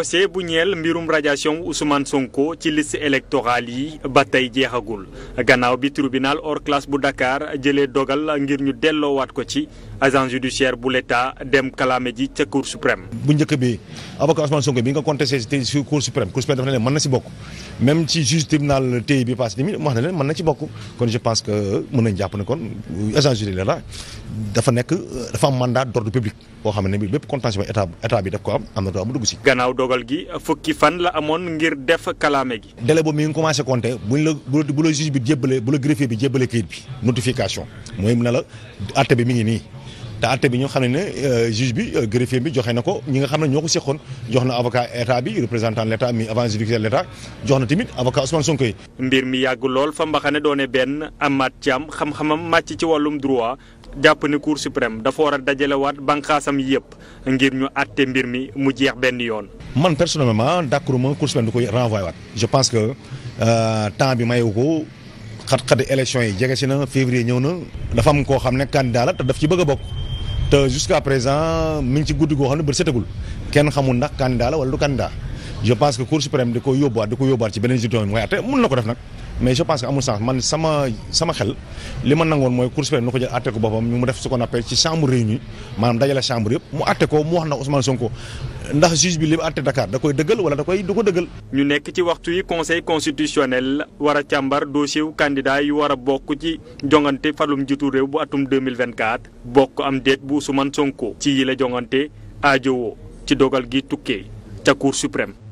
procès bu ñeel mbirum radiation Ousmane Sonko ci liste électorale yi ba tey jeexagul gannaaw bi tribunal hors classe bu Dakar jëlee dogal ngir ñu delloowaat ko ci agence judiciaire bu l'État dem kalaame ji ca cour suprême. bu njëkk bi avocat Ousmane Sonko bi nga contesté te suprême cour suprême dafa ne mën na si bokk même ci juge tribunal tey bi na leen bokk kon je pense que mën nañ jàpp ne kon agence judiciaire la dafa nekk dafa am mandat d'ordre public boo xam ne bi bépp contentieux état état bi daf ko am am na doo mu dugg si. gannaaw dogal gi fukki fan la amoon ngir def kalaame gi. délai boobu mi ngi commencé compter buñ la bu la juge bi jébbalee bu la greffier bi jébbalee kayit bi notification mooy mu ne la àtte bi mi ngi nii. te àtte bi ñoo xam ne ne euh, juge bi euh, greffier bi joxe na ko ñi nga xam ne ñoo ko seqoon jox na avocat état bi représentant l' état mi avant judiciaire l' jox na tamit avocat Ousmane Sonko yi. mbir mi yàgg lool fa mbaxane doone benn Amath Thiam xam-xamam màcc ci wàllum droit jàpp ne cour suprême dafa war a dajalewaat bànqaasam yëpp ngir ñu àtte mbir mi mu jeex benn yoon. man personnellement d' accord ma cour suprême du koy renvoyé waat je pense que euh, temps bi mayewu ko. xat-xati élection yi jege si na février ñëw na dafa koo xam ne candidat la daf ci bëgg bokk te jusqu'à présent mi ngi ci guddi ko xam ne bët setagul kenn xamu ndax candidat la wala du candidat je pense que cour suprême di ko yóbbuwaat di ko yóbbuwaat ci beneen juridiction mooy atte mun na ko def nag mais je pense que amul sens man sama sama xel li ma nangoon mooy cour suprême na ko jël àtte ko boppam ñu mu def ce qu'on appelle ci chambre réunie maanaam dajale chambre yëpp mu àtte ko mu wax na Ousmane Sonko ndax juge bi li mu àtte Dakar da koy dëggal wala da koy du ko dëggal. ñu nekk ci waxtu yi conseil constitutionnel war a càmbar dossier wu candidat yu war a bokk ci jongante falum jitu réew bu atum 2024 bokk am déet bu Ousmane Sonko ci yi la jongante aajowoo ci dogal gi tukkee ca cour suprême.